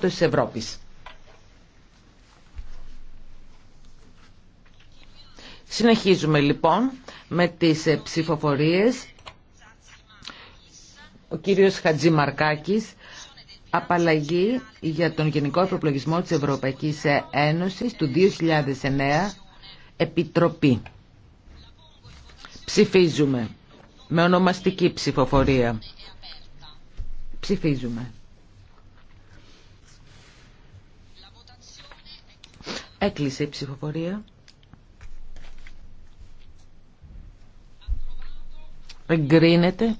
της Ευρώπης. Συνεχίζουμε λοιπόν με τις ε, ψηφοφορίες. Ο κύριος Χατζημαρκάκης, απαλλαγή για τον Γενικό Ευρωπλογισμό της Ευρωπαϊκής ε, Ένωσης του 2009, Επιτροπή. Ψηφίζουμε με ονομαστική ψηφοφορία. Ψηφίζουμε. Έκλεισε η ψηφοφορία. Εγκρίνεται.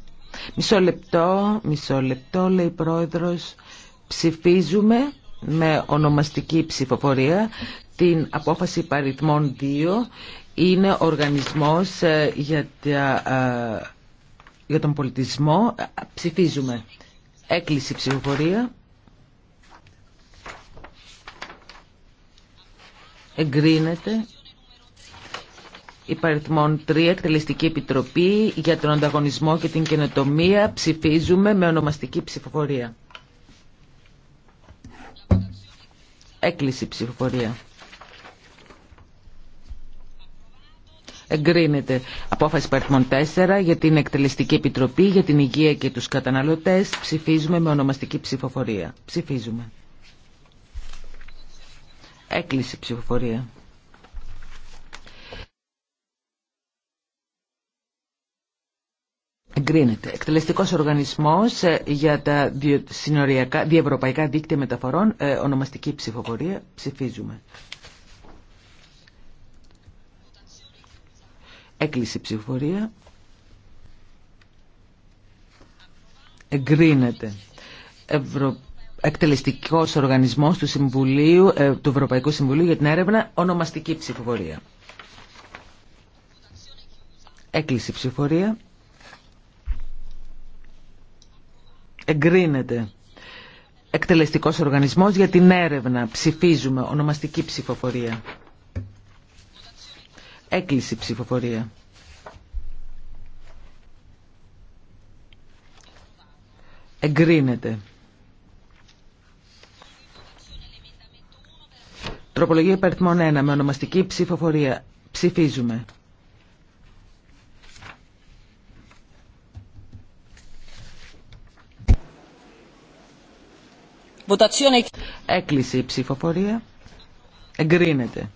Μισό λεπτό, μισό λεπτό, λέει η πρόεδρος. Ψηφίζουμε με ονομαστική ψηφοφορία την απόφαση παριθμών 2. Είναι οργανισμός ε, για, ε, για τον πολιτισμό. Ψηφίζουμε. Έκλεισε η ψηφοφορία. εγκρίνεται υπαριθμών 3 εκτελεστική επιτροπή για τον ανταγωνισμό και την καινοτομία ψηφίζουμε με ονομαστική ψηφοφορία έκλειση ψηφοφορία Εγκρίνεται απόφαση παριθμών 4 για την Εκτελεστική Επιτροπή για την Υγεία και τους Καταναλωτές. Ψηφίζουμε με ονομαστική ψηφοφορία. Ψηφίζουμε. Έκλεισε ψηφοφορία. Εγκρίνεται. Εκτελεστικός οργανισμός ε, για τα συνοριακά, διευρωπαϊκά δίκτυα μεταφορών, ε, ονομαστική ψηφοφορία, ψηφίζουμε. Έκλεισε ψηφοφορία. Εγκρίνεται εκτελεστικός οργανισμός του, Συμβουλίου, ε, του Ευρωπαϊκού Συμβουλίου για την έρευνα ονομαστική ψηφοφορία. Έκλεισε η ψηφοφορία. Εγκρίνεται. Εκτελεστικός οργανισμός για την έρευνα. Ψηφίζουμε ονομαστική ψηφοφορία. Έκλεισε η ψηφοφορία. Εγκρίνεται. Τροπολογία υπαριθμών 1 με ονομαστική ψηφοφορία. Ψηφίζουμε. Έκλεισε η ψηφοφορία. Εγκρίνεται.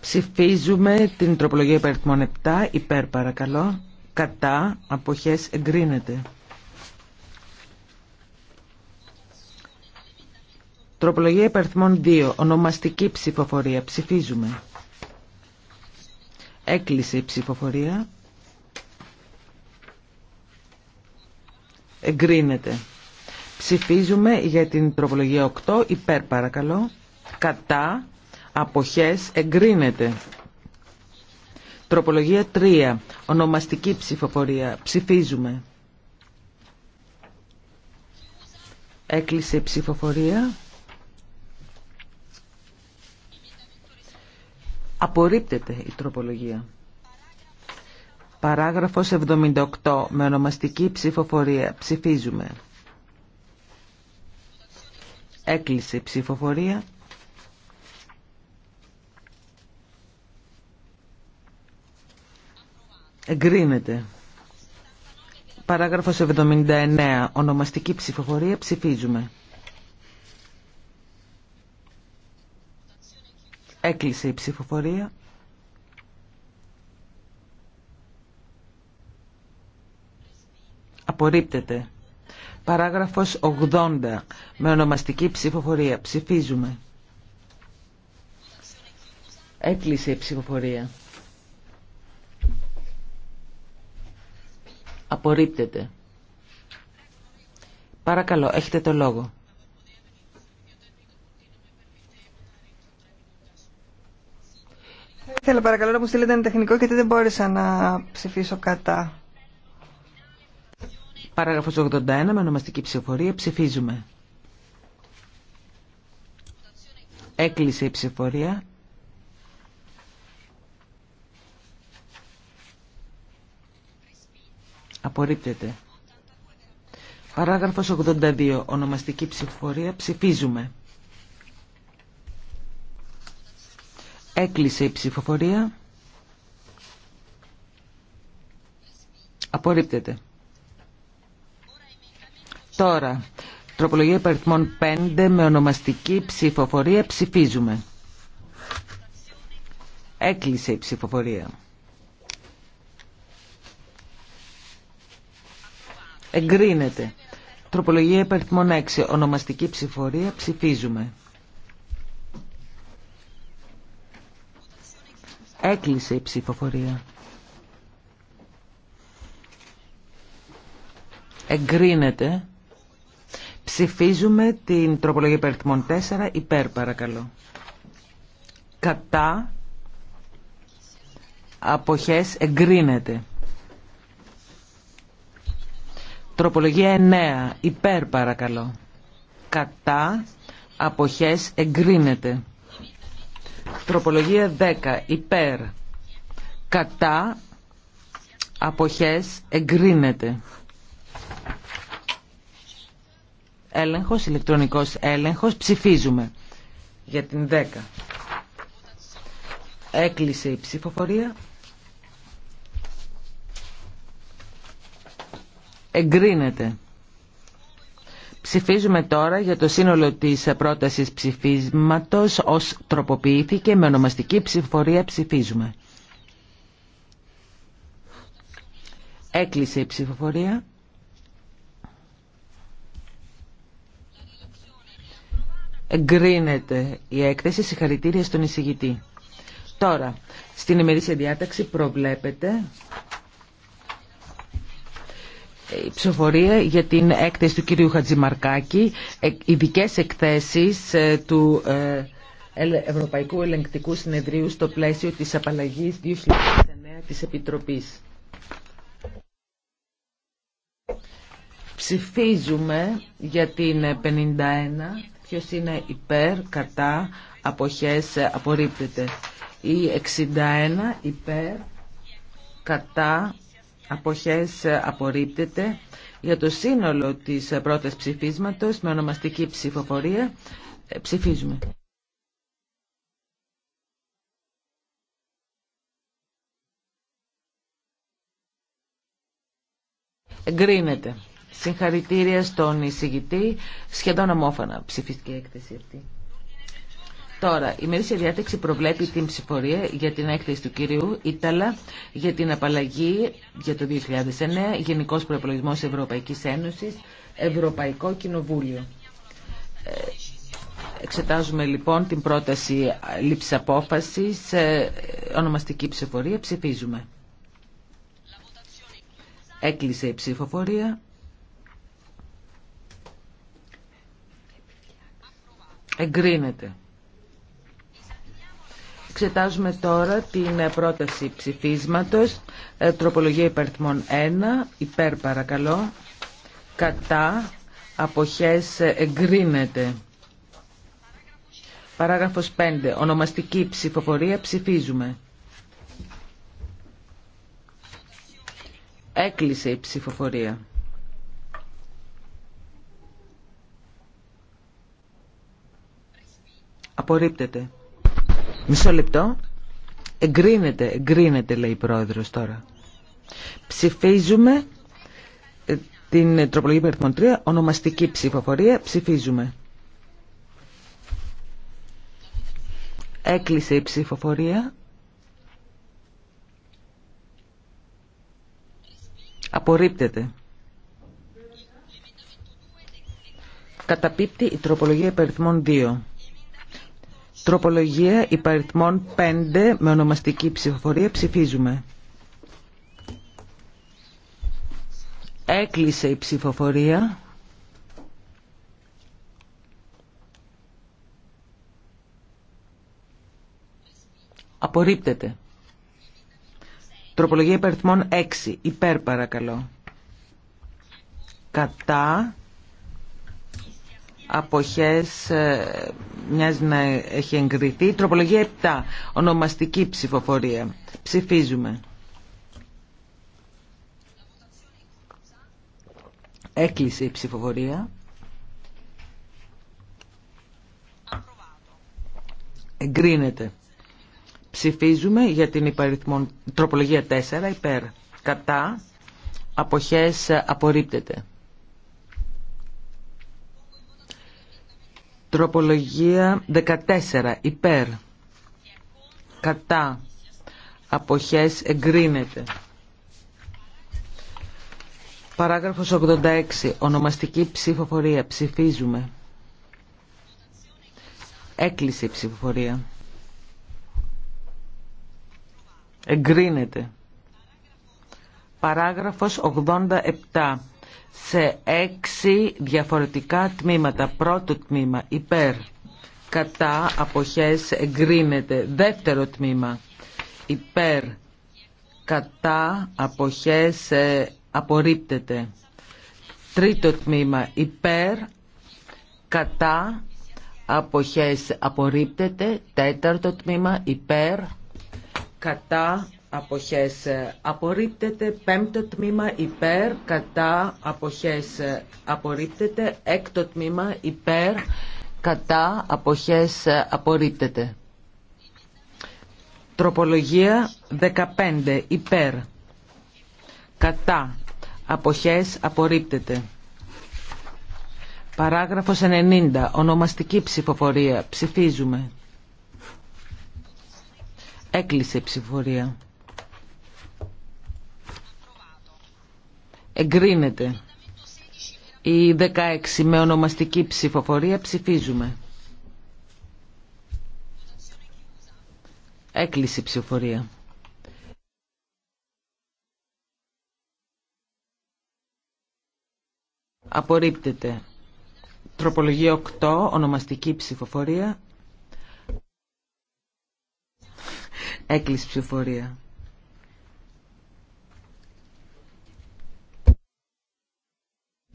Ψηφίζουμε την τροπολογία υπαριθμών 7. Υπέρ παρακαλώ. Κατά αποχές εγκρίνεται. Τροπολογία υπαριθμών 2. Ονομαστική ψηφοφορία. Ψηφίζουμε. Έκλεισε η ψηφοφορία. Εγκρίνεται. Ψηφίζουμε για την τροπολογία 8. Υπέρ παρακαλώ. Κατά. Αποχές. Εγκρίνεται. Τροπολογία 3. Ονομαστική ψηφοφορία. Ψηφίζουμε. Έκλεισε η ψηφοφορία. Απορρίπτεται η τροπολογία. Παράγραφος 78. Με ονομαστική ψηφοφορία. Ψηφίζουμε. Έκλεισε η ψηφοφορία. Εγκρίνεται. Παράγραφος 79. Ονομαστική ψηφοφορία. Ψηφίζουμε. Έκλεισε η ψηφοφορία. Απορρίπτεται. Παράγραφος 80. Με ονομαστική ψηφοφορία. Ψηφίζουμε. Έκλεισε η ψηφοφορία. Απορρίπτεται. Παρακαλώ, έχετε το λόγο. Θέλω παρακαλώ να μου στείλετε ένα τεχνικό γιατί δεν μπόρεσα να ψηφίσω κατά. Παράγραφος 81 με ονομαστική ψηφοφορία ψηφίζουμε. Έκλεισε η ψηφοφορία. Απορρίπτεται. Παράγραφος 82. Ονομαστική ψηφοφορία. Ψηφίζουμε. Έκλεισε η ψηφοφορία. Απορρίπτεται. Τώρα, τροπολογία υπαριθμών 5 με ονομαστική ψηφοφορία ψηφίζουμε. Έκλεισε η ψηφοφορία. Εγκρίνεται. Τροπολογία υπαριθμών 6. Ονομαστική ψηφοφορία ψηφίζουμε. Έκλεισε η ψηφοφορία. Εγκρίνεται. Ψηφίζουμε την τροπολογία περιθμών 4 υπέρ παρακαλώ. Κατά αποχές εγκρίνεται. Τροπολογία 9 υπέρ παρακαλώ. Κατά αποχές εγκρίνεται. Τροπολογία 10. Υπέρ. Κατά. Αποχές. Εγκρίνεται. Έλεγχος. Ηλεκτρονικός έλεγχος. Ψηφίζουμε. Για την 10. Έκλεισε η ψηφοφορία. Εγκρίνεται. Ψηφίζουμε τώρα για το σύνολο της πρότασης ψηφίσματος ως τροποποιήθηκε με ονομαστική ψηφοφορία ψηφίζουμε. Έκλεισε η ψηφοφορία. Εγκρίνεται η έκθεση συγχαρητήρια στον εισηγητή. Τώρα, στην ημερήσια διάταξη προβλέπεται η ψηφοφορία για την έκθεση του κυρίου Χατζημαρκάκη, ειδικέ εκθέσεις ε, του ε, Ευρωπαϊκού Ελεγκτικού Συνεδρίου στο πλαίσιο της απαλλαγής 2009 της Επιτροπής. Ψηφίζουμε για την 51, ποιος είναι υπέρ, κατά, αποχές, απορρίπτεται. Η 61 υπέρ, κατά, αποχές απορρίπτεται. Για το σύνολο της πρώτας ψηφίσματος με ονομαστική ψηφοφορία ε, ψηφίζουμε. Εγκρίνεται. Συγχαρητήρια στον εισηγητή. Σχεδόν ομόφωνα ψηφίστηκε η έκθεση αυτή. Τώρα, η μερίσια διάταξη προβλέπει την ψηφορία για την έκθεση του κυρίου Ήταλα για την απαλλαγή για το 2009, Γενικός προεπιλογισμός Ευρωπαϊκής Ένωσης, Ευρωπαϊκό Κοινοβούλιο. Ε, εξετάζουμε λοιπόν την πρόταση λήψης απόφασης, ε, ονομαστική ψηφορία, ψηφίζουμε. Έκλεισε η ψηφοφορία. Εγκρίνεται. Ξετάζουμε τώρα την ε, πρόταση ψηφίσματος, ε, τροπολογία υπαριθμών 1, υπέρ παρακαλώ, κατά, αποχές ε, εγκρίνεται. Παράγραφος 5. Ονομαστική ψηφοφορία ψηφίζουμε. Έκλεισε η ψηφοφορία. Απορρίπτεται. Μισό λεπτό. Εγκρίνεται, εγκρίνεται λέει η πρόεδρος τώρα. Ψηφίζουμε ε, την τροπολογία περιθμόντρια 3, ονομαστική ψηφοφορία, ψηφίζουμε. Έκλεισε η ψηφοφορία. Απορρίπτεται. Καταπίπτει η τροπολογία περιθμών 2. Τροπολογία υπαριθμών 5 με ονομαστική ψηφοφορία ψηφίζουμε. Έκλεισε η ψηφοφορία. Απορρίπτεται. Τροπολογία υπαριθμών 6. Υπέρ παρακαλώ. Κατά αποχές ε, μοιάζει να έχει εγκριθεί. Τροπολογία 7. Ονομαστική ψηφοφορία. Ψηφίζουμε. Έκλεισε η ψηφοφορία. Εγκρίνεται. Ψηφίζουμε για την υπαριθμον... τροπολογία 4 υπέρ. Κατά. Αποχές απορρίπτεται. Τροπολογία 14. Υπέρ. Κατά. Αποχές εγκρίνεται. Παράγραφος 86. Ονομαστική ψηφοφορία. Ψηφίζουμε. Έκλεισε η ψηφοφορία. Εγκρίνεται. Παράγραφος 87 σε έξι διαφορετικά τμήματα. Πρώτο τμήμα υπέρ κατά αποχές εγκρίνεται. Δεύτερο τμήμα υπέρ κατά αποχές ε, απορρίπτεται. Τρίτο τμήμα υπέρ κατά αποχές απορρίπτεται. Τέταρτο τμήμα υπέρ κατά αποχές απορρίπτεται, πέμπτο τμήμα υπέρ, κατά αποχές απορρίπτεται, έκτο τμήμα υπέρ, κατά αποχές απορρίπτεται. Τροπολογία 15 υπέρ, κατά αποχές απορρίπτεται. Παράγραφος 90. Ονομαστική ψηφοφορία. Ψηφίζουμε. Έκλεισε η ψηφοφορία. Εγκρίνεται. Η 16 με ονομαστική ψηφοφορία ψηφίζουμε. Έκλεισε η ψηφοφορία. Απορρίπτεται. Τροπολογία 8, ονομαστική ψηφοφορία. Έκλεισε ψηφοφορία.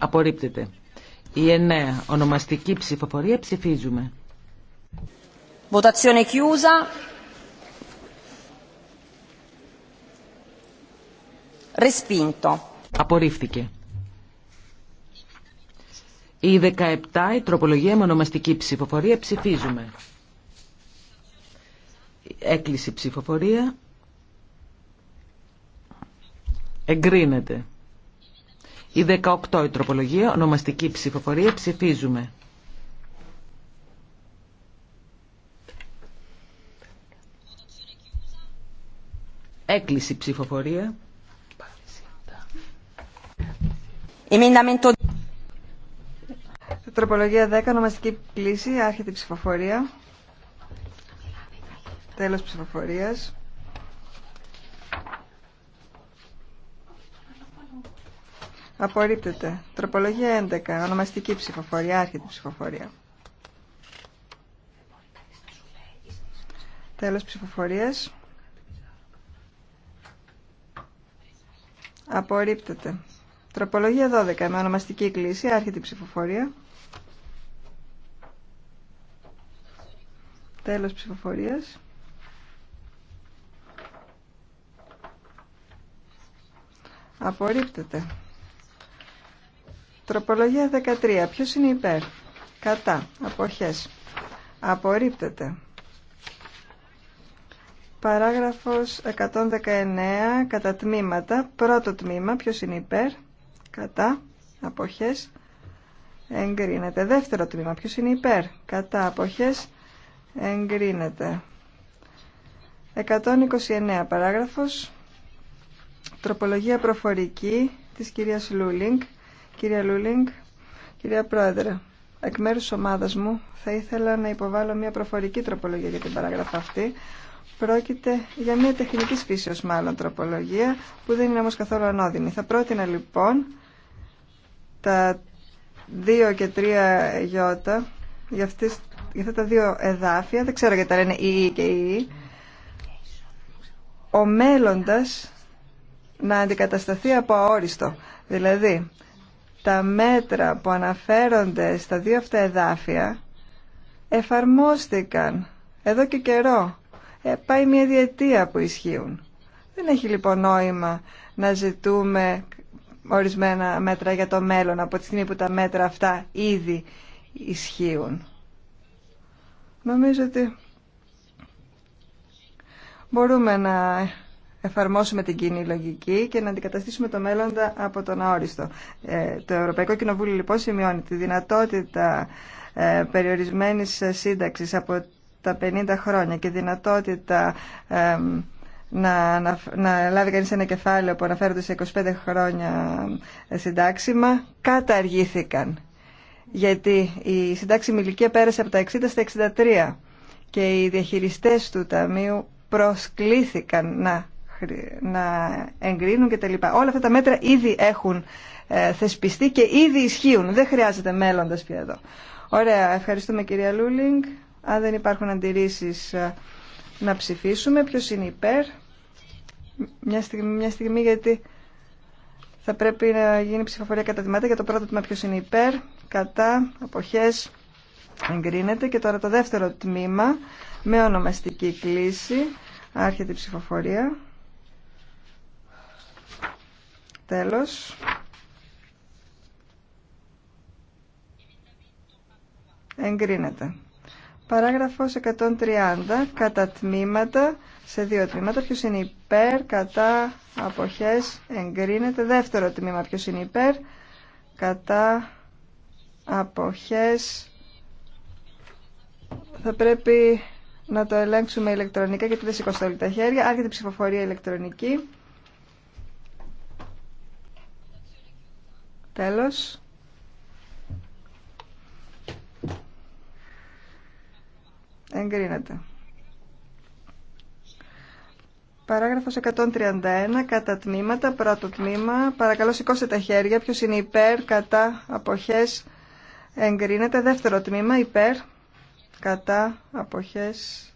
Απορρίπτεται. Η 9. Ονομαστική ψηφοφορία. Ψηφίζουμε. Votazione chiusa. Respinto. Απορρίφθηκε. Η 17. Η τροπολογία με ονομαστική ψηφοφορία. Ψηφίζουμε. Έκλεισε ψηφοφορία. Εγκρίνεται. Η 18 η τροπολογία, ονομαστική ψηφοφορία, ψηφίζουμε. Έκλειση ψηφοφορία. Τροπολογία 10, ονομαστική κλίση, άρχεται η ψηφοφορία. Τέλος ψηφοφορίας. Απορρίπτεται. Τροπολογία 11. Ονομαστική ψηφοφορία. Άρχεται ψηφοφορία. Τέλος ψηφοφορίας. Απορρίπτεται. Τροπολογία 12. Με ονομαστική κλίση. Άρχεται ψηφοφορία. Τέλος ψηφοφορίας. Απορρίπτεται. Τροπολογία 13. Ποιος είναι υπέρ. Κατά. Αποχές. Απορρίπτεται. Παράγραφος 119. Κατά τμήματα. Πρώτο τμήμα. Ποιος είναι υπέρ. Κατά. Αποχές. Εγκρίνεται. Δεύτερο τμήμα. Ποιος είναι υπέρ. Κατά. Αποχές. Εγκρίνεται. 129. Παράγραφος. Τροπολογία προφορική της κυρίας Λούλινγκ Κυρία Λούλινγκ, κυρία Πρόεδρε, εκ μέρους ομάδας μου θα ήθελα να υποβάλω μια προφορική τροπολογία για την παράγραφα αυτή. Πρόκειται για μια τεχνικής φύσεως μάλλον τροπολογία που δεν είναι όμως καθόλου ανώδυνη. Θα πρότεινα λοιπόν τα δύο και τρία γιώτα για, αυτές, για αυτά τα δύο εδάφια, δεν ξέρω γιατί τα λένε ΙΙ και ΙΙ, ο μέλλοντας να αντικατασταθεί από αόριστο. Δηλαδή, τα μέτρα που αναφέρονται στα δύο αυτά εδάφια εφαρμόστηκαν εδώ και καιρό. Ε, πάει μια διετία που ισχύουν. Δεν έχει λοιπόν νόημα να ζητούμε ορισμένα μέτρα για το μέλλον από τη στιγμή που τα μέτρα αυτά ήδη ισχύουν. Νομίζω ότι μπορούμε να εφαρμόσουμε την κοινή λογική και να αντικαταστήσουμε το μέλλοντα από τον αόριστο. Ε, το Ευρωπαϊκό Κοινοβούλιο λοιπόν σημειώνει τη δυνατότητα ε, περιορισμένης σύνταξης από τα 50 χρόνια και δυνατότητα να, να, λάβει κανείς ένα κεφάλαιο που αναφέρονται σε 25 χρόνια ε, συντάξιμα, καταργήθηκαν. Γιατί η συντάξιμη ηλικία πέρασε από τα 60 στα 63 και οι διαχειριστές του Ταμείου προσκλήθηκαν να να εγκρίνουν κτλ. Όλα αυτά τα μέτρα ήδη έχουν ε, θεσπιστεί και ήδη ισχύουν. Δεν χρειάζεται μέλλοντας πια εδώ. Ωραία, ευχαριστούμε κυρία Λούλινγκ. Αν δεν υπάρχουν αντιρρήσεις ε, να ψηφίσουμε. ποιο είναι υπέρ. Μια στιγμή, μια στιγμή γιατί θα πρέπει να γίνει ψηφοφορία κατά τη για το πρώτο τμήμα ποιο είναι υπέρ, κατά, αποχές, εγκρίνεται και τώρα το δεύτερο τμήμα με ονομαστική κλίση άρχεται η ψηφοφορία. Τέλος. Εγκρίνεται. Παράγραφος 130. Κατά τμήματα, σε δύο τμήματα. Ποιος είναι υπέρ, κατά, αποχές, εγκρίνεται. Δεύτερο τμήμα. Ποιος είναι υπέρ, κατά, αποχές. Θα πρέπει να το ελέγξουμε ηλεκτρονικά γιατί δεν σηκώστε όλοι τα χέρια. Άρχεται ψηφοφορία ηλεκτρονική. Τέλος. Εγκρίνεται. Παράγραφος 131, κατά τμήματα, πρώτο τμήμα. Παρακαλώ σηκώστε τα χέρια. Ποιος είναι υπέρ, κατά, αποχές. Εγκρίνεται. Δεύτερο τμήμα, υπέρ, κατά, αποχές.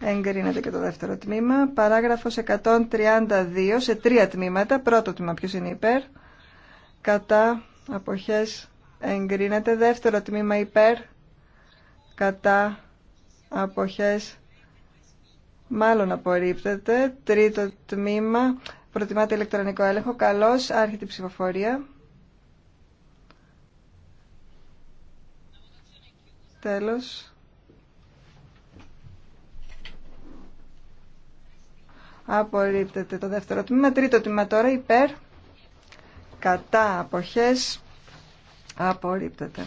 Εγκρίνεται και το δεύτερο τμήμα. Παράγραφος 132, σε τρία τμήματα. Πρώτο τμήμα, ποιος είναι υπέρ κατά αποχές εγκρίνεται δεύτερο τμήμα υπέρ κατά αποχές μάλλον απορρίπτεται τρίτο τμήμα προτιμάται ηλεκτρονικό έλεγχο καλώς άρχεται η ψηφοφορία τέλος απορρίπτεται το δεύτερο τμήμα τρίτο τμήμα τώρα υπέρ κατά αποχές απορρίπτεται.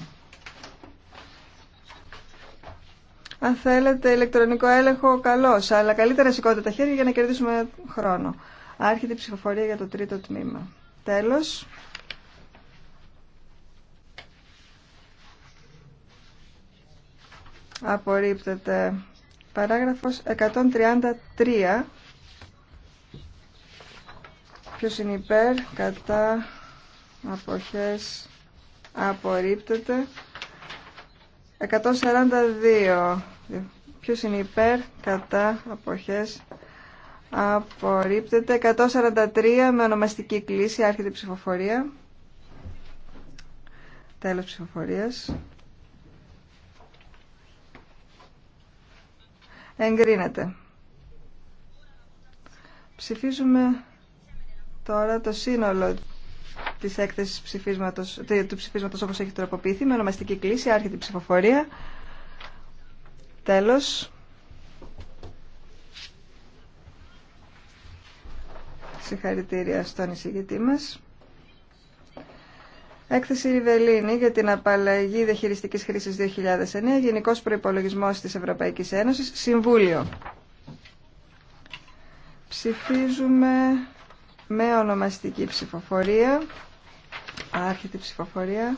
Αν θέλετε ηλεκτρονικό έλεγχο, καλώς, αλλά καλύτερα σηκώτε τα χέρια για να κερδίσουμε χρόνο. Άρχεται η ψηφοφορία για το τρίτο τμήμα. Τέλος. Απορρίπτεται. Παράγραφος 133. Ποιος είναι υπέρ, κατά, αποχές απορρίπτεται 142 ποιος είναι υπέρ κατά αποχές απορρίπτεται 143 με ονομαστική κλίση άρχεται η ψηφοφορία τέλος ψηφοφορίας εγκρίνεται ψηφίζουμε τώρα το σύνολο Τη έκθεση του ψηφίσματο όπω έχει τροποποιηθεί με ονομαστική κλίση, άρχεται η ψηφοφορία. Τέλο. Συγχαρητήρια στον εισηγητή μα. Έκθεση Ριβελίνη για την απαλλαγή διαχειριστική χρήση 2009, Γενικό Προπολογισμό τη Ευρωπαϊκή Ένωση, Συμβούλιο. Ψηφίζουμε με ονομαστική ψηφοφορία. Άρχεται η ψηφοφορία.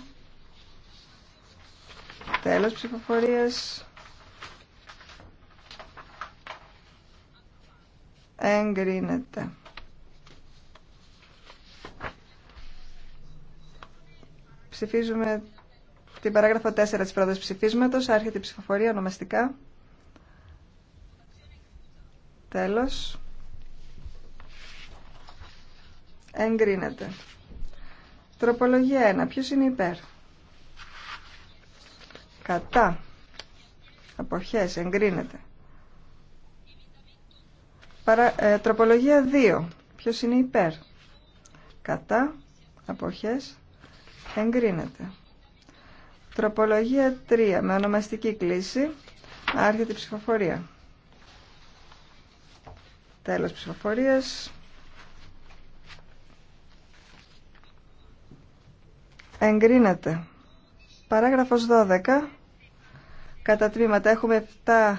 Τέλος ψηφοφορίας. Εγκρίνεται. Ψηφίζουμε την παράγραφο 4 της πρώτης ψηφίσματος. Άρχεται η ψηφοφορία ονομαστικά. Τέλος. Εγκρίνεται. Τροπολογία 1. Ποιος είναι υπέρ. Κατά. Αποχές. Εγκρίνεται. Παρα, ε, τροπολογία 2. Ποιος είναι υπέρ. Κατά. Αποχές. Εγκρίνεται. Τροπολογία 3. Με ονομαστική κλίση. Άρχεται η ψηφοφορία. Τέλος ψηφοφορίας. Εγκρίνεται. Παράγραφος 12. Κατά τμήματα έχουμε 7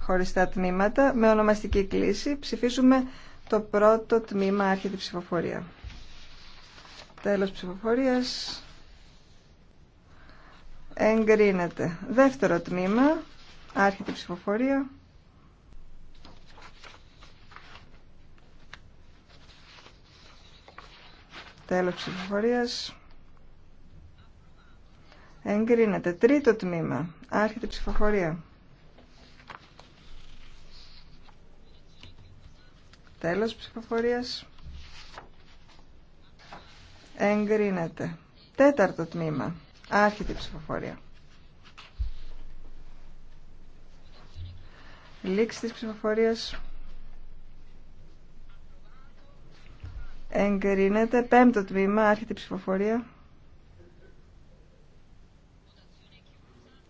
χωριστά τμήματα. Με ονομαστική κλίση ψηφίζουμε το πρώτο τμήμα άρχεται ψηφοφορία. Τέλος ψηφοφορίας. Εγκρίνεται. Δεύτερο τμήμα άρχεται ψηφοφορία. Τέλος ψηφοφορίας. Εγκρίνεται. Τρίτο τμήμα. Άρχεται ψηφοφορία. Τέλος ψηφοφορίας. Εγκρίνεται. Τέταρτο τμήμα. Άρχεται ψηφοφορία. Λήξη της ψηφοφορίας. Εγκρίνεται. Πέμπτο τμήμα. Άρχεται ψηφοφορία.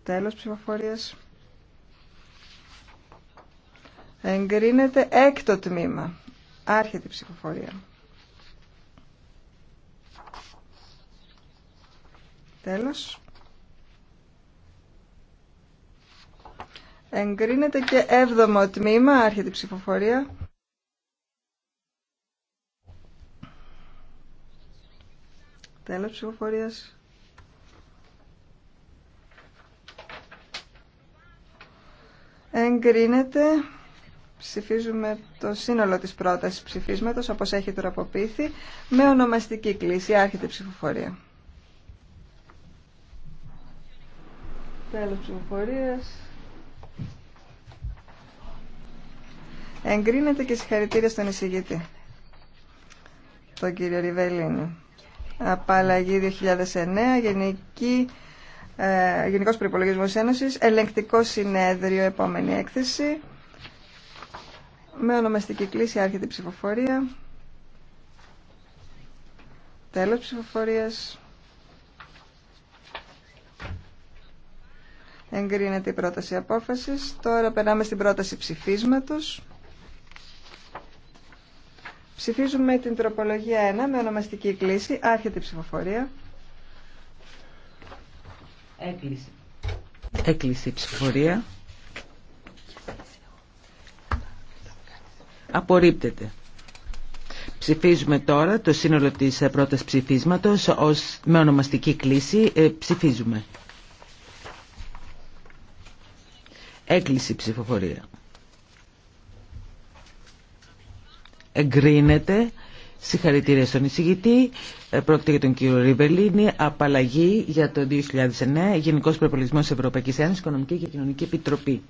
Τέλος ψηφοφορίας. Εγκρίνεται έκτο τμήμα. Άρχεται η ψηφοφορία. Τέλος. Εγκρίνεται και έβδομο τμήμα. Άρχεται η ψηφοφορία. Τέλος ψηφοφορίας. εγκρίνεται. Ψηφίζουμε το σύνολο της πρότασης ψηφίσματος, όπως έχει τροποποιηθεί, με ονομαστική κλίση. Άρχεται η ψηφοφορία. Τέλος ψηφοφορίας. Εγκρίνεται και συγχαρητήρια στον εισηγητή, τον κύριο Ριβελίνη. Απαλλαγή 2009, Γενική ε, Γενικός Προϋπολογισμός Ένωσης, ελεγκτικό συνέδριο, επόμενη έκθεση. Με ονομαστική κλίση άρχεται η ψηφοφορία. Τέλος ψηφοφορίας. Εγκρίνεται η πρόταση απόφασης. Τώρα περνάμε στην πρόταση ψηφίσματος. Ψηφίζουμε την τροπολογία 1 με ονομαστική κλίση. Άρχεται η ψηφοφορία. Έκλεισε. η ψηφορία. Απορρίπτεται. Ψηφίζουμε τώρα το σύνολο της πρώτας ψηφίσματος ως με ονομαστική κλίση. Ε, ψηφίζουμε. Έκλεισε η ψηφοφορία. Εγκρίνεται. Συγχαρητήρια στον εισηγητή. Ε, πρόκειται για τον κύριο Ριβελίνη. Απαλλαγή για το 2009. Γενικό Προπολογισμό Ευρωπαϊκή Ένωση, Οικονομική και Κοινωνική Επιτροπή.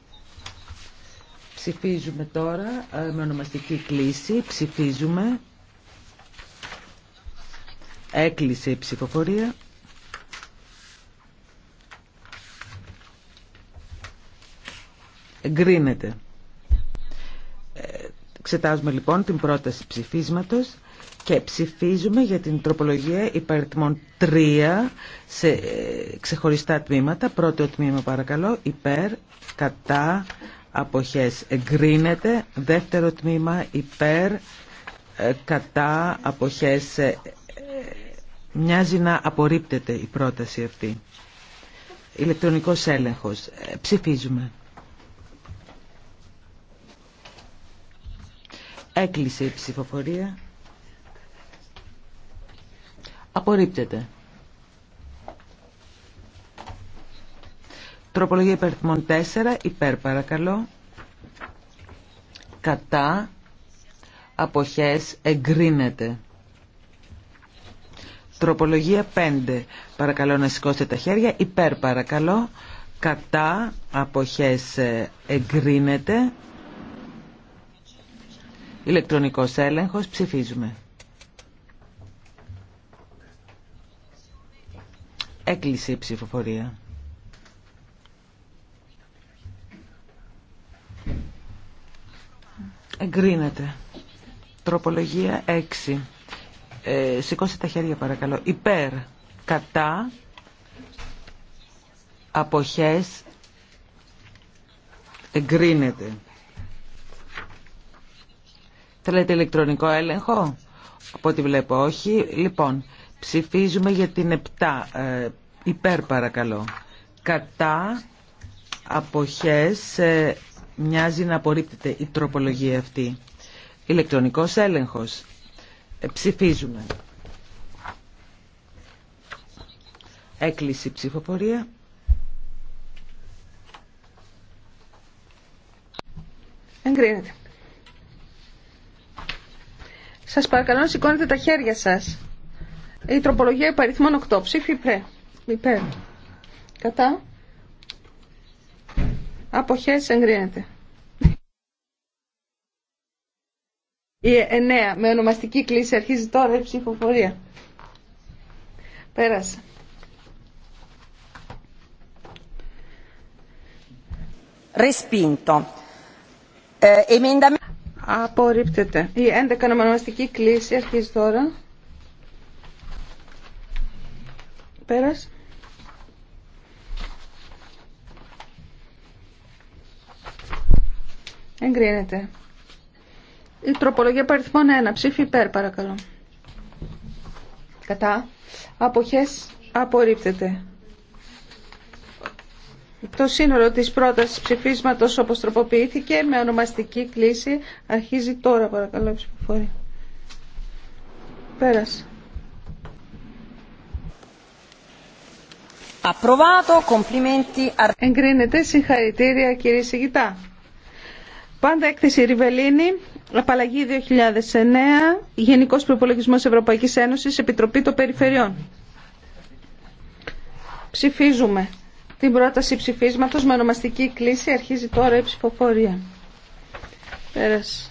Ψηφίζουμε τώρα ε, με ονομαστική κλίση. Ψηφίζουμε. Έκλεισε η ψηφοφορία. Εγκρίνεται. Ε, ξετάζουμε λοιπόν την πρόταση ψηφίσματος. Και ψηφίζουμε για την τροπολογία υπαριθμών 3 σε ε, ξεχωριστά τμήματα. Πρώτο τμήμα παρακαλώ, υπέρ, κατά, αποχές εγκρίνεται. Δεύτερο τμήμα υπέρ, ε, κατά, αποχές ε, μοιάζει να απορρίπτεται η πρόταση αυτή. Ηλεκτρονικός έλεγχος. Ψηφίζουμε. Έκλεισε η ψηφοφορία. Απορρίπτεται. Τροπολογία υπερθμών 4, υπέρ παρακαλώ. Κατά αποχές εγκρίνεται. Τροπολογία 5. Παρακαλώ να σηκώσετε τα χέρια. Υπέρ παρακαλώ. Κατά αποχές εγκρίνεται. Ηλεκτρονικός έλεγχος. Ψηφίζουμε. Έκλεισε η ψηφοφορία. Εγκρίνεται. Τροπολογία 6. Ε, σηκώστε τα χέρια παρακαλώ. Υπέρ, κατά, αποχές, εγκρίνεται. Θέλετε ηλεκτρονικό έλεγχο. Από ό,τι βλέπω όχι. Λοιπόν, ψηφίζουμε για την 7. Ε, Υπέρ παρακαλώ. Κατά αποχές ε, μοιάζει να απορρίπτεται η τροπολογία αυτή. Ηλεκτρονικός έλεγχος. Ε, ψηφίζουμε. Έκλειση ψηφοφορία. Εγκρίνεται. Σας παρακαλώ να σηκώνετε τα χέρια σας. Η τροπολογία υπαριθμών 8. Ψήφι πρέ. Υπέρ. Κατά. Αποχές εγκρίνεται. Η εννέα με ονομαστική κλίση αρχίζει τώρα η ψηφοφορία. Πέρασε. Respinto. Ε, Απορρίπτεται. Η 11 ονομαστική κλίση αρχίζει τώρα. Πέρας. Εγκρίνεται. Η τροπολογία παριθμών 1. Ψήφι υπέρ παρακαλώ. Κατά. Αποχές απορρίπτεται. Το σύνολο της πρότασης ψηφίσματος όπως τροποποιήθηκε με ονομαστική κλίση αρχίζει τώρα παρακαλώ η ψηφοφορία. Πέρασε. Εγκρίνεται συγχαρητήρια κύριε Σιγητά. Πάντα έκθεση Ριβελίνη, απαλλαγή 2009, Γενικό προπολογισμό Ευρωπαϊκή Ένωση Επιτροπή των Περιφερειών. Ψηφίζουμε την πρόταση ψηφίσματο με ονομαστική κλίση. Αρχίζει τώρα η ψηφοφορία. Πέρασε.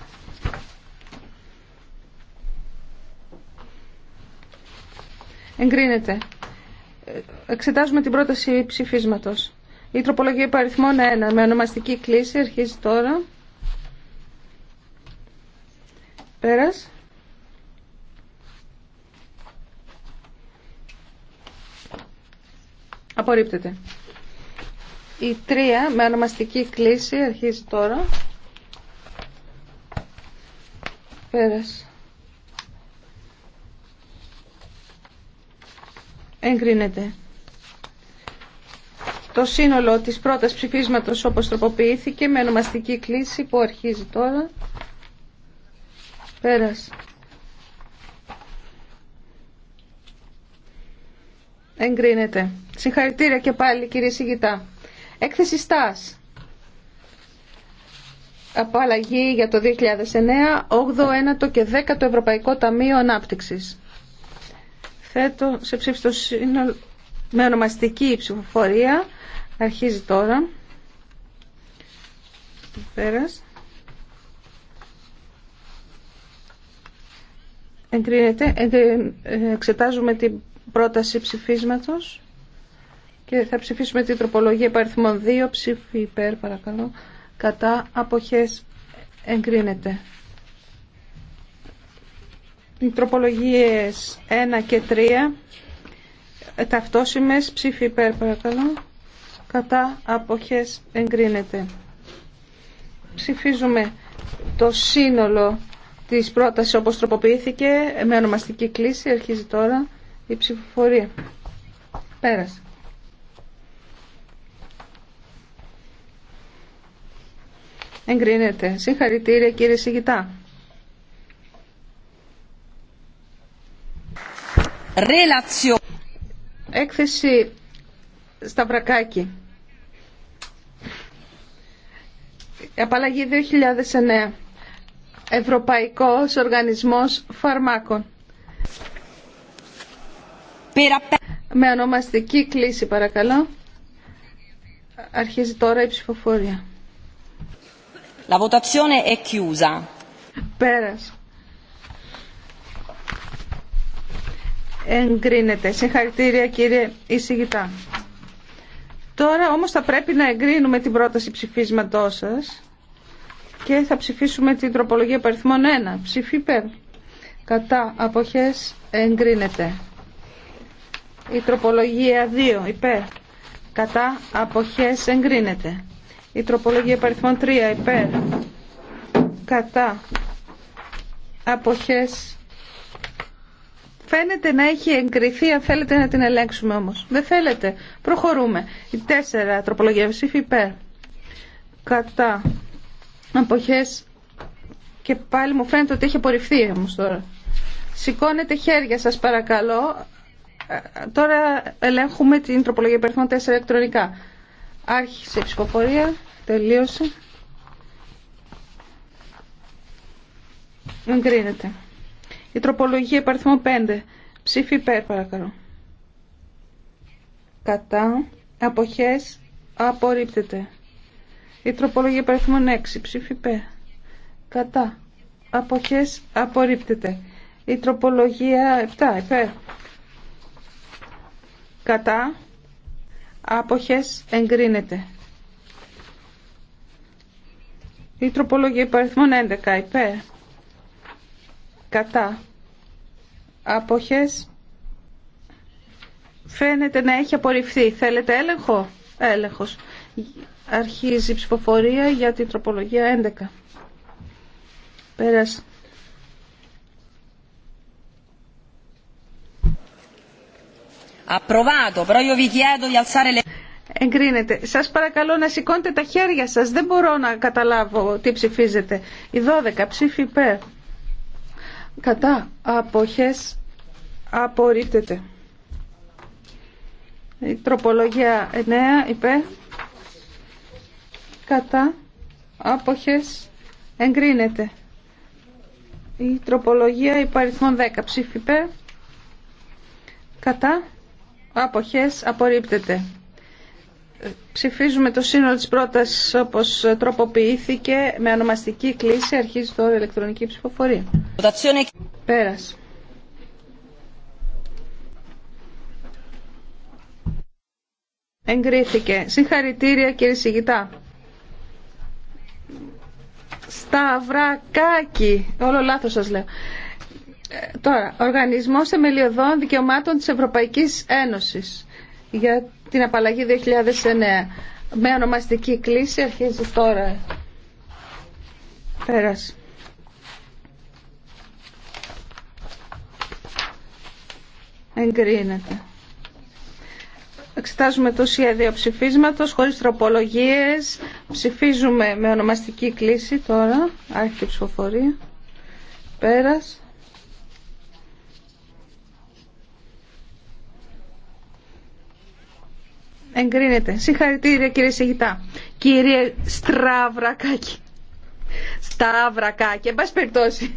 Εγκρίνεται εξετάζουμε την πρόταση ψηφίσματος. Η τροπολογία υπαριθμών 1 με ονομαστική κλίση αρχίζει τώρα. Πέρας. Απορρίπτεται. Η 3 με ονομαστική κλίση αρχίζει τώρα. Πέρας. Εγκρίνεται. Το σύνολο της πρώτας ψηφίσματος όπως τροποποιήθηκε με ονομαστική κλίση που αρχίζει τώρα. Πέρας. Εγκρίνεται. Συγχαρητήρια και πάλι κύριε Σιγητά. Έκθεση ΣΤΑΣ. Απαλλαγή για το 2009, 8ο, 9ο και 10ο Ευρωπαϊκό Ταμείο Ανάπτυξης. Θέτω σε ψήφιστο σύνολο με ονομαστική ψηφοφορία. Αρχίζει τώρα. Πέρας. Εγκρίνεται. Ε, εξετάζουμε την πρόταση ψηφίσματος και θα ψηφίσουμε την τροπολογία υπαριθμών 2. Ψήφι υπέρ παρακαλώ. Κατά αποχές εγκρίνεται. Μητροπολογίες 1 και 3 ταυτόσιμες ψήφι υπέρ παρακαλώ κατά αποχές εγκρίνεται. Ψηφίζουμε το σύνολο της πρότασης όπως τροποποιήθηκε με ονομαστική κλίση αρχίζει τώρα η ψηφοφορία. Πέρασε. Εγκρίνεται. Συγχαρητήρια κύριε Σιγητά. Έκθεση Σταυρακάκη. Απαλλαγή 2009. Ευρωπαϊκός Οργανισμός Φαρμάκων. Με ονομαστική κλίση παρακαλώ. Αρχίζει τώρα η ψηφοφορία. La votazione è chiusa. εγκρίνεται. Συγχαρητήρια κύριε Ισηγητά. Τώρα όμως θα πρέπει να εγκρίνουμε την πρόταση ψηφίσματός σας και θα ψηφίσουμε την τροπολογία παριθμών 1. Ψηφί υπέρ. Κατά αποχές εγκρίνεται. Η τροπολογία 2 υπέρ. Κατά αποχές εγκρίνεται. Η τροπολογία παριθμών 3 υπέρ. Κατά αποχές Φαίνεται να έχει εγκριθεί, αν θέλετε να την ελέγξουμε όμως. Δεν θέλετε. Προχωρούμε. Η τέσσερα τροπολογία υπέρ. Κατά. Αποχές. Και πάλι μου φαίνεται ότι έχει απορριφθεί όμως τώρα. Σηκώνετε χέρια σας παρακαλώ. Ε, τώρα ελέγχουμε την τροπολογία υπερθμών 4 ηλεκτρονικά. Άρχισε η ψηφοφορία. Τελείωσε. Εγκρίνεται. Η τροπολογία υπαριθμό 5. Ψήφι υπέρ παρακαλώ. Κατά. Αποχές. Απορρίπτεται. Η τροπολογία υπαριθμό 6. Ψήφι υπέρ. Κατά. Αποχές. Απορρίπτεται. Η τροπολογία 7. Υπέρ. Κατά. Άποχες εγκρίνεται. Η τροπολογία υπαριθμών 11 υπέρ κατά αποχές φαίνεται να έχει απορριφθεί. Θέλετε έλεγχο? Έλεγχος. Αρχίζει η ψηφοφορία για την τροπολογία 11. Πέρασε. Approvato, però io Εγκρίνεται. Σας παρακαλώ να σηκώνετε τα χέρια σας. Δεν μπορώ να καταλάβω τι ψηφίζετε. Η 12 ψήφι υπέρ κατά αποχές απορρίπτεται. Η τροπολογία 9 υπέ. κατά άποχες εγκρίνεται. Η τροπολογία υπαριθμών 10 ψήφι υπέρ κατά άποχες απορρίπτεται. Ψηφίζουμε το σύνολο της πρότασης όπως τροποποιήθηκε με ανομαστική κλίση αρχίζει τώρα η ηλεκτρονική ψηφοφορία. Πέρας. Εγκρίθηκε. Συγχαρητήρια κύριε Σιγητά. Σταυρακάκι. Όλο λάθος σας λέω. Ε, τώρα, Οργανισμός Εμελιωδών Δικαιωμάτων της Ευρωπαϊκής Ένωσης. Για την απαλλαγή 2009. Με ονομαστική κλίση αρχίζει τώρα. πέρας. Εγκρίνεται. Εξετάζουμε το σχέδιο ψηφίσματο. Χωρί τροπολογίε. Ψηφίζουμε με ονομαστική κλίση τώρα. η ψηφοφορία. Πέρας. Εγκρίνεται. Συγχαρητήρια κύριε Σιγητά. Κύριε Στραβρακάκη. Σταβρακάκη, εν πάση περιπτώσει.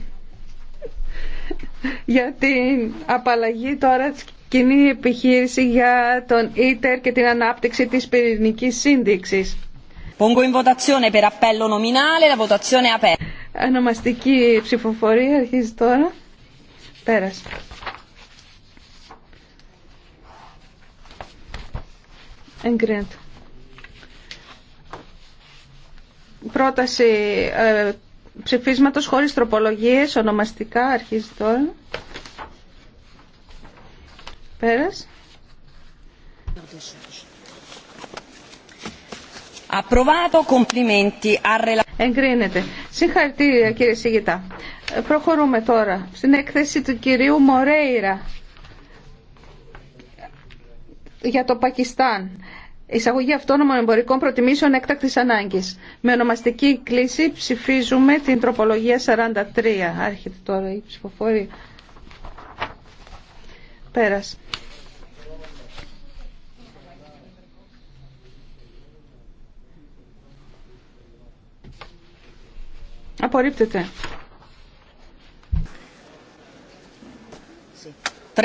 Για την απαλλαγή τώρα της κοινή επιχείρηση για τον ΙΤΕΡ και την ανάπτυξη της πυρηνικής σύνδεξης. Pongo in votazione per appello nominale, Ανομαστική ψηφοφορία αρχίζει τώρα. Πέρασε. εγκρίνεται. Πρόταση ε, ψηφίσματος χωρίς τροπολογίες, ονομαστικά, αρχίζει τώρα. Πέρας. Εγκρίνεται. Συγχαρητήρια κύριε Σιγητά. Ε, προχωρούμε τώρα στην έκθεση του κυρίου Μορέιρα για το Πακιστάν. Εισαγωγή αυτόνομων εμπορικών προτιμήσεων έκτακτη ανάγκης. Με ονομαστική κλίση ψηφίζουμε την τροπολογία 43. Άρχεται τώρα η ψηφοφορία. Πέρας. Απορρίπτεται. 31...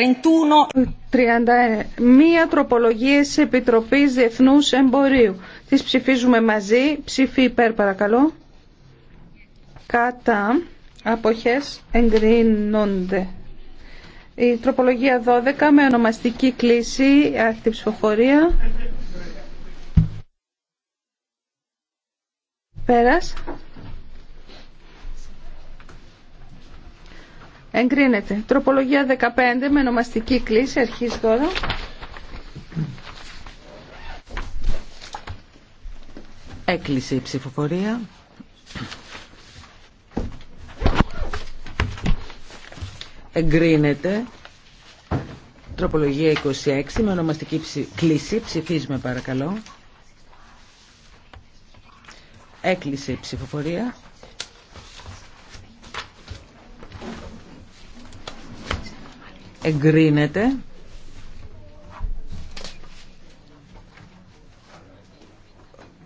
τροπολογία τροπολογίες Επιτροπής Διεθνούς Εμπορίου. Τις ψηφίζουμε μαζί. Ψήφι υπέρ παρακαλώ. Κατά αποχές εγκρίνονται. Η τροπολογία 12 με ονομαστική κλίση άρχιτη ψηφοφορία. Πέρας. Εγκρίνεται. Τροπολογία 15 με ονομαστική κλίση. Αρχίζει τώρα. Έκλεισε η ψηφοφορία. Εγκρίνεται. Τροπολογία 26 με ονομαστική κλίση. Ψηφίζουμε παρακαλώ. Έκλεισε η ψηφοφορία. εγκρίνεται.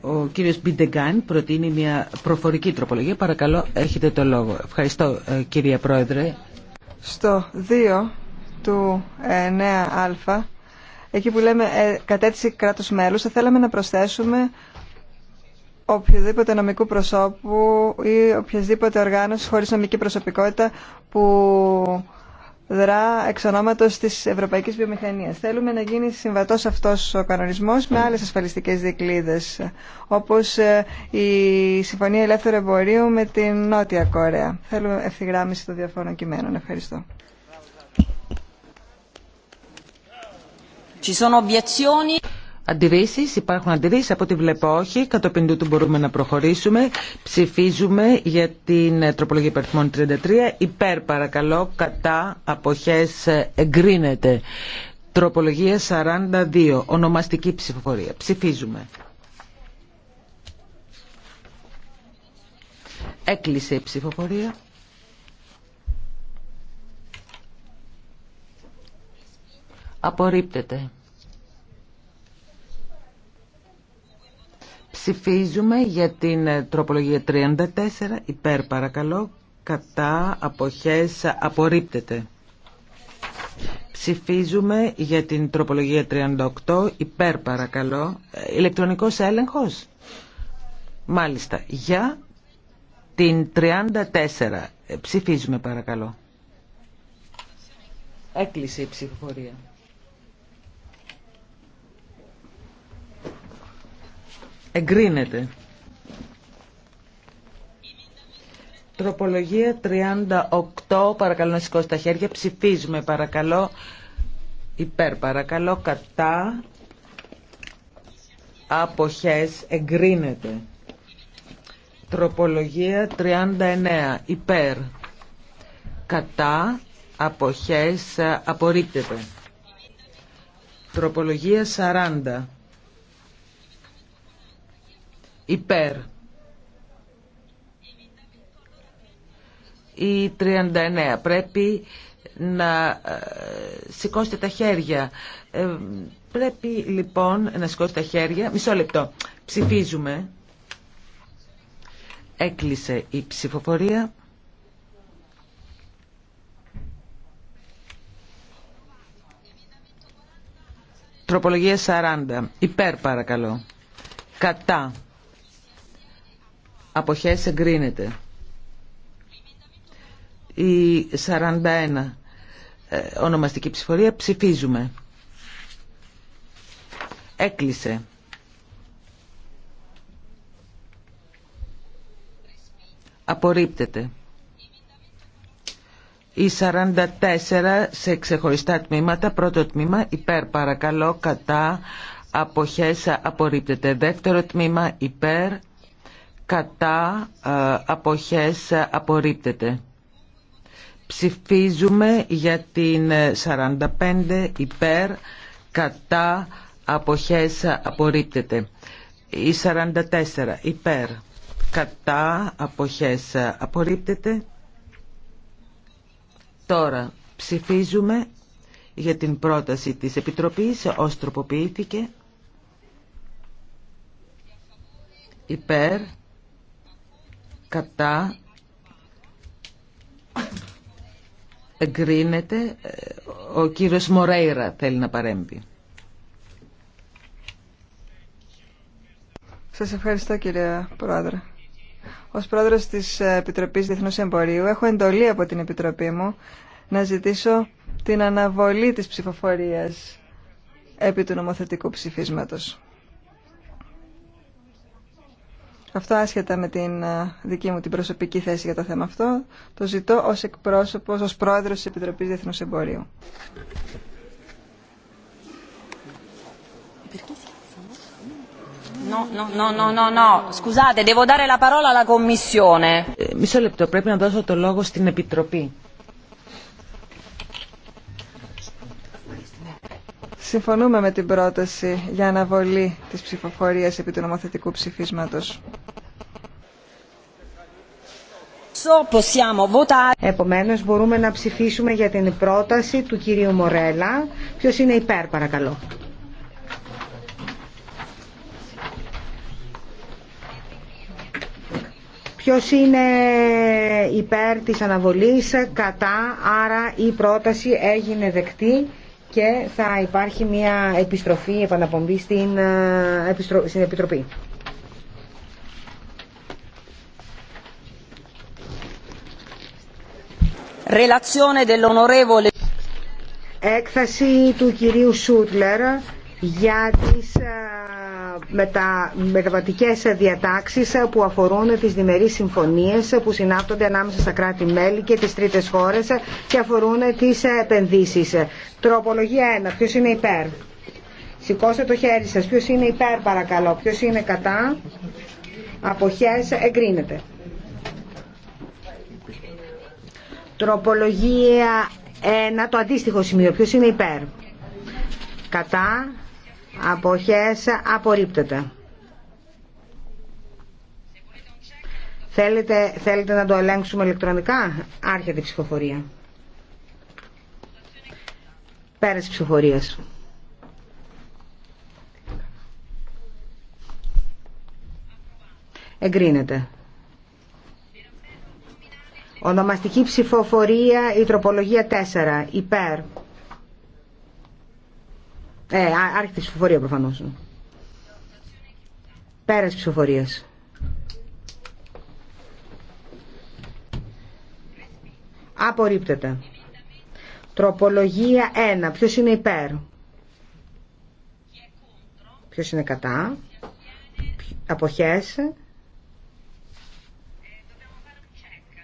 Ο κύριος Μπιντεγκάν προτείνει μια προφορική τροπολογία. Παρακαλώ, έχετε το λόγο. Ευχαριστώ, ε, κυρία Πρόεδρε. Στο 2 του 9α, ε, εκεί που λέμε ε, κατέτηση κράτους μέλους, θα θέλαμε να προσθέσουμε οποιοδήποτε νομικού προσώπου ή οποιασδήποτε οργάνωση χωρίς νομική προσωπικότητα που δρά εξ ονόματος της Ευρωπαϊκής Βιομηχανίας. Θέλουμε να γίνει συμβατός αυτός ο κανονισμός με άλλες ασφαλιστικές δικλείδε, όπως ε, η Συμφωνία Ελεύθερου Εμπορίου με την Νότια Κορέα. Θέλουμε ευθυγράμμιση των διαφόρων κειμένων. Ευχαριστώ. Ci sono obiezioni αντιρρήσει. υπάρχουν αντιρρήσει από ό,τι βλέπω όχι, κατόπιν τούτου μπορούμε να προχωρήσουμε. Ψηφίζουμε για την ε, τροπολογία υπερθμών 33, υπέρ παρακαλώ, κατά αποχές ε, εγκρίνεται. Τροπολογία 42, ονομαστική ψηφοφορία. Ψηφίζουμε. Έκλεισε η ψηφοφορία. Απορρίπτεται. Ψηφίζουμε για την ε, τροπολογία 34 υπέρ παρακαλώ κατά αποχές απορρίπτεται. Ψηφίζουμε για την τροπολογία 38 υπέρ παρακαλώ. Ε, ηλεκτρονικός έλεγχος. Μάλιστα. Για την 34 ε, ψηφίζουμε παρακαλώ. Έκλεισε η ψηφοφορία. Εγκρίνεται. Τροπολογία 38, παρακαλώ να σηκώσει τα χέρια, ψηφίζουμε παρακαλώ, υπέρ παρακαλώ, κατά, αποχές, εγκρίνεται. Τροπολογία 39, υπέρ, κατά, αποχές, απορρίπτεται. Τροπολογία 40, υπέρ. Η 39 πρέπει να ε, σηκώσετε τα χέρια. Ε, πρέπει λοιπόν να σηκώσετε τα χέρια. Μισό λεπτό. Ψηφίζουμε. Έκλεισε η ψηφοφορία. Τροπολογία 40. Υπέρ παρακαλώ. Κατά αποχές εγκρίνεται. Η 41 ε, ονομαστική ψηφορία ψηφίζουμε. Έκλεισε. Απορρίπτεται. Η 44 σε ξεχωριστά τμήματα. Πρώτο τμήμα υπέρ παρακαλώ κατά αποχές απορρίπτεται. Δεύτερο τμήμα υπέρ κατά ε, αποχές ε, απορρίπτεται. Ψηφίζουμε για την 45 ε, υπέρ κατά αποχές απορρίπτεται. Η 44 υπέρ κατά αποχές απορρίπτεται. Τώρα ψηφίζουμε για την πρόταση της Επιτροπής ως τροποποιήθηκε υπέρ κατά εγκρίνεται ο κύριος Μορέιρα θέλει να παρέμβει Σας ευχαριστώ κύριε Πρόεδρε Ως Πρόεδρος της Επιτροπής Διεθνούς Εμπορίου έχω εντολή από την Επιτροπή μου να ζητήσω την αναβολή της ψηφοφορίας επί του νομοθετικού ψηφίσματος Αυτό άσχετα με την ε, δική μου την προσωπική θέση για το θέμα αυτό, το ζητώ ως εκπρόσωπος, ως πρόεδρος της Επιτροπής Διεθνούς Εμπορίου. Μισό λεπτό, πρέπει να δώσω το λόγο στην Επιτροπή. συμφωνούμε με την πρόταση για αναβολή της ψηφοφορίας επί του νομοθετικού ψηφίσματος. Επομένως μπορούμε να ψηφίσουμε για την πρόταση του κυρίου Μορέλα. Ποιος είναι υπέρ παρακαλώ. Ποιος είναι υπέρ της αναβολής κατά, άρα η πρόταση έγινε δεκτή και θα υπάρχει μια επιστροφή, επαναπομπή στην, ε, στην Επιτροπή. Έκθεση του κυρίου Σούτλερ για τις ε, με τα μεταβατικέ διατάξει που αφορούν τις διμερείς συμφωνίες που συνάπτονται ανάμεσα στα κράτη-μέλη και τις τρίτες χώρε και αφορούν τι επενδύσει. Τροπολογία 1. Ποιο είναι υπέρ. Σηκώστε το χέρι σα, ποιο είναι υπέρ παρακαλώ. Ποιο είναι κατά. αποχέ. εγκρίνεται. Τροπολογία 1. Το αντίστοιχο σημείο. Ποιο είναι υπέρ. Κατά αποχές απορρίπτεται. Θέλετε, θέλετε να το ελέγξουμε ηλεκτρονικά. Άρχεται η ψηφοφορία. Πέρασε ψηφοφορία. Εγκρίνεται. Ονομαστική ψηφοφορία η τροπολογία 4. Υπέρ. Ε, άρχεται η ψηφοφορία προφανώς. Πέρας ψηφοφορία. Απορρίπτεται. Τροπολογία 1. Ποιος είναι υπέρ. Ποιος είναι κατά. Αποχές.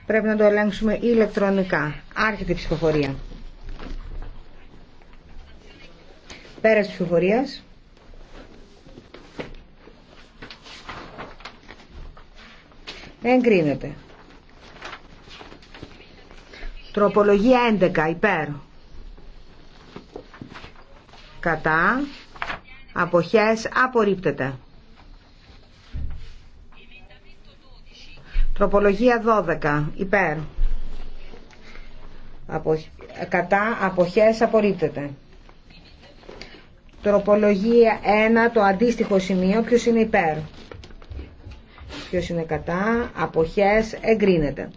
Πρέπει να το ελέγξουμε ηλεκτρονικά. Άρχεται η ψηφοφορία. Πέρας ψηφοφορίας. Εγκρίνεται. Τροπολογία 11 υπέρ. Κατά. Αποχές απορρίπτεται. Τροπολογία 12 υπέρ. Κατά. Αποχές απορρίπτεται. Τροπολογία 1, το αντίστοιχο σημείο, ποιος είναι υπέρ. Ποιος είναι κατά, αποχές, εγκρίνεται.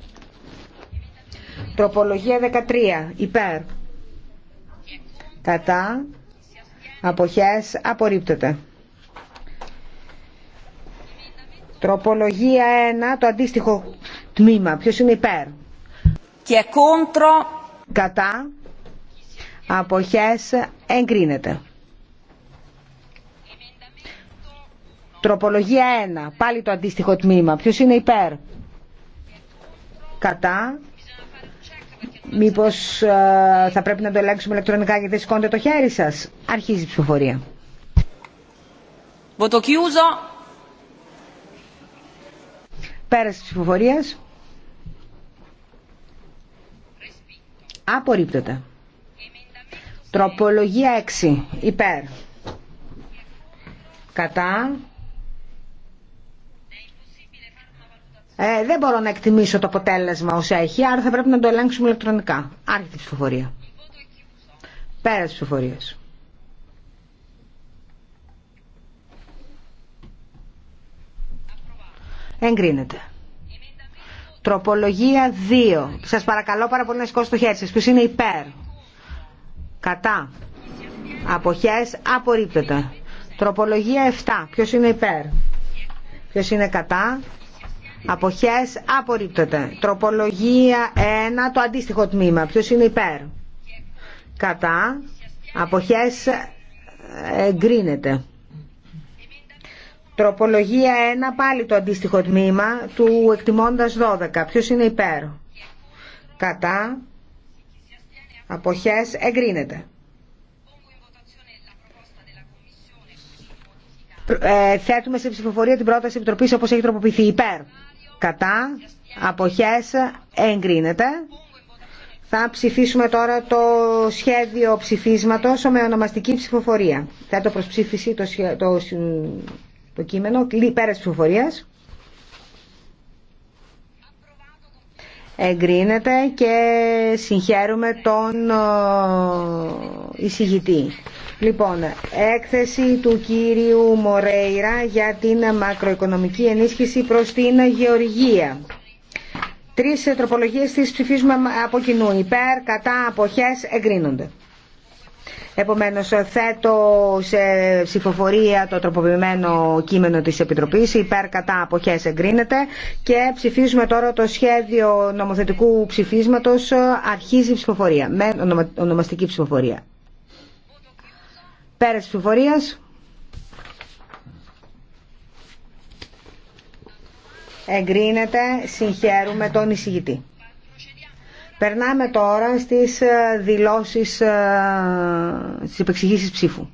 Τροπολογία 13, υπέρ. Κατά, αποχές, απορρίπτεται. Τροπολογία 1, το αντίστοιχο τμήμα, ποιος είναι υπέρ. Και κόντρο. Κατά, αποχές, εγκρίνεται. Τροπολογία 1. Πάλι το αντίστοιχο τμήμα. Ποιος είναι υπέρ. Κατά. Μήπως ε, θα πρέπει να το ελέγξουμε ηλεκτρονικά γιατί δεν σηκώνετε το χέρι σας. Αρχίζει η ψηφοφορία. Πέραση Πέρας της ψηφοφορίας. Απορρίπτεται. Τροπολογία 6. Υπέρ. Κατά. Ε, δεν μπορώ να εκτιμήσω το αποτέλεσμα όσα έχει, άρα θα πρέπει να το ελέγξουμε ηλεκτρονικά. Άρχεται η ψηφοφορία. Πέρα τη ψηφοφορία. Εγκρίνεται. Τροπολογία 2. Σας παρακαλώ πάρα πολύ να σηκώσετε το χέρι σας. Ποιος είναι υπέρ. Κατά. Αποχές απορρίπτεται. Τροπολογία 7. Ποιος είναι υπέρ. Ποιος είναι κατά. Αποχές απορρίπτεται. Τροπολογία 1, το αντίστοιχο τμήμα. Ποιος είναι υπέρ. Κατά. Αποχές εγκρίνεται. Τροπολογία 1, πάλι το αντίστοιχο τμήμα του εκτιμώντας 12. Ποιος είναι υπέρ. Κατά. Αποχές εγκρίνεται. Ε, θέτουμε σε ψηφοφορία την πρόταση επιτροπής όπως έχει τροποποιηθεί υπέρ κατά, αποχές, εγκρίνεται. Θα ψηφίσουμε τώρα το σχέδιο ψηφίσματος με ονομαστική ψηφοφορία. Θα το προσψηφίσει το, το, το κείμενο πέρας ψηφοφορίας. Εγκρίνεται και συγχαίρουμε τον ε, εισηγητή. Λοιπόν, έκθεση του κύριου Μορέιρα για την μακροοικονομική ενίσχυση προς την Γεωργία. Τρεις τροπολογίες τις ψηφίζουμε από κοινού. Υπέρ, κατά, αποχές, εγκρίνονται. Επομένως, θέτω σε ψηφοφορία το τροποποιημένο κείμενο της Επιτροπής. Υπέρ, κατά, αποχές, εγκρίνεται. Και ψηφίζουμε τώρα το σχέδιο νομοθετικού ψηφίσματος. Αρχίζει η ψηφοφορία, με ονομαστική ψηφοφορία. Πέρα της ψηφορίας Εγκρίνεται. Συγχαίρουμε τον εισηγητή. Περνάμε τώρα στις ε, δηλώσεις, ε, στις επεξηγήσεις ψήφου.